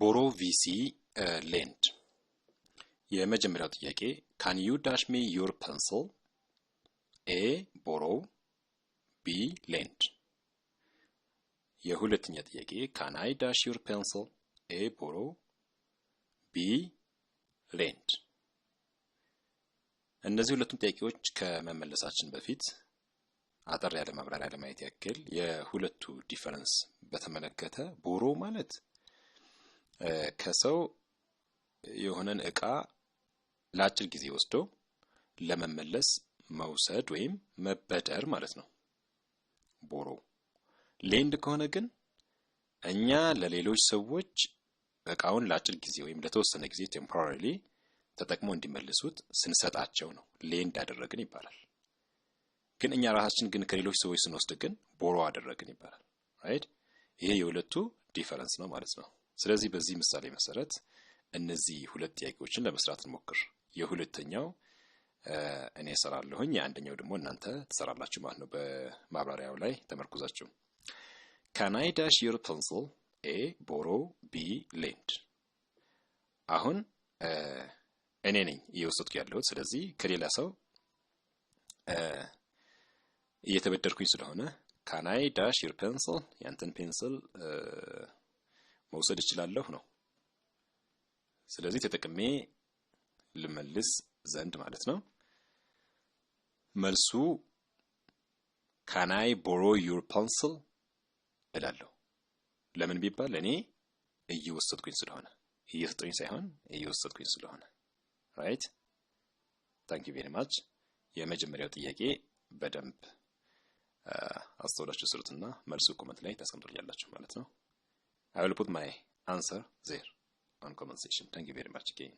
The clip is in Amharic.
ቦሮ ቪሲ ሌንድ የመጀመሪያው ጥያቄ ካን ዩ ዳሽ ሚ ዩር ፐንስል ኤ ቦሮው ቢ ሌንድ የሁለተኛ ጥያቄ ካን አይ ዳሽ ዩር ፐንስል ኤ ቦሮ ቢ ሌንድ እነዚህ ሁለቱም ጥያቄዎች ከመመለሳችን በፊት አጠር ያለ ማብራሪያ ለማየት ያክል የሁለቱ ዲፈረንስ በተመለከተ ቦሮ ማለት ከሰው የሆነን እቃ ለአጭር ጊዜ ወስዶ ለመመለስ መውሰድ ወይም መበደር ማለት ነው ቦሮ። ሌንድ ከሆነ ግን እኛ ለሌሎች ሰዎች እቃውን ለአጭር ጊዜ ወይም ለተወሰነ ጊዜ ቴምፖራሪሊ ተጠቅሞ እንዲመልሱት ስንሰጣቸው ነው ሌንድ አደረግን ይባላል። ግን እኛ ራሳችን ግን ከሌሎች ሰዎች ስንወስድ ግን ቦሮ አደረግን ይባላል። ራይት ይሄ የሁለቱ ዲፈረንስ ነው ማለት ነው። ስለዚህ በዚህ ምሳሌ መሰረት እነዚህ ሁለት ጥያቄዎችን ለመስራት እንሞክር። የሁለተኛው እኔ እሰራለሁኝ፣ የአንደኛው ደግሞ እናንተ ትሰራላችሁ ማለት ነው። በማብራሪያው ላይ ተመርኩዛችሁ ካን አይ ዳሽ ዩር ፐንስል ኤ ቦሮ ቢ ሌንድ። አሁን እኔ ነኝ እየወሰድኩ ያለሁት ስለዚህ ከሌላ ሰው እየተበደርኩኝ ስለሆነ ካን አይ ዳሽ ዩር ፐንስል፣ ያንተን ፔንስል መውሰድ እችላለሁ ነው። ስለዚህ ተጠቅሜ ልመልስ ዘንድ ማለት ነው። መልሱ ካናይ ቦሮ ዩር ፐንስል እላለሁ። ለምን ቢባል እኔ እየወሰድኩኝ ስለሆነ እየሰጠኝ ሳይሆን እየወሰድኩኝ ስለሆነ። ራይት ታንክ ዩ ቬሪ ማች። የመጀመሪያው ጥያቄ በደንብ uh, አስተውላችሁ ስሩትና መልሱ ኮመንት ላይ ታስቀምጡልኛላችሁ ማለት ነው። I will put my answer there on comment section. Thank you very much again.